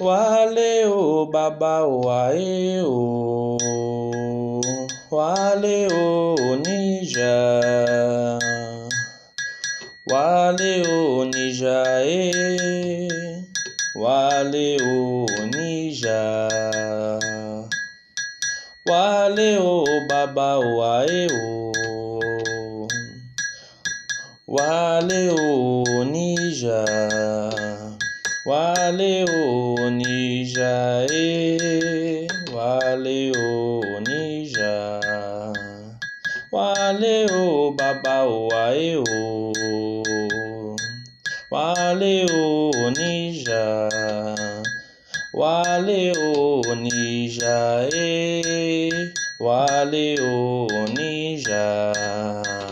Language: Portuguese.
Waleo baba Waleo ae o Waleo o Waleo Wale e baba o Waleo o Wale Valeu, Nijae, valeu, Nija, valeu, Baba aeu, valeu, Nija, valeu, Nijae, valeu, Nija.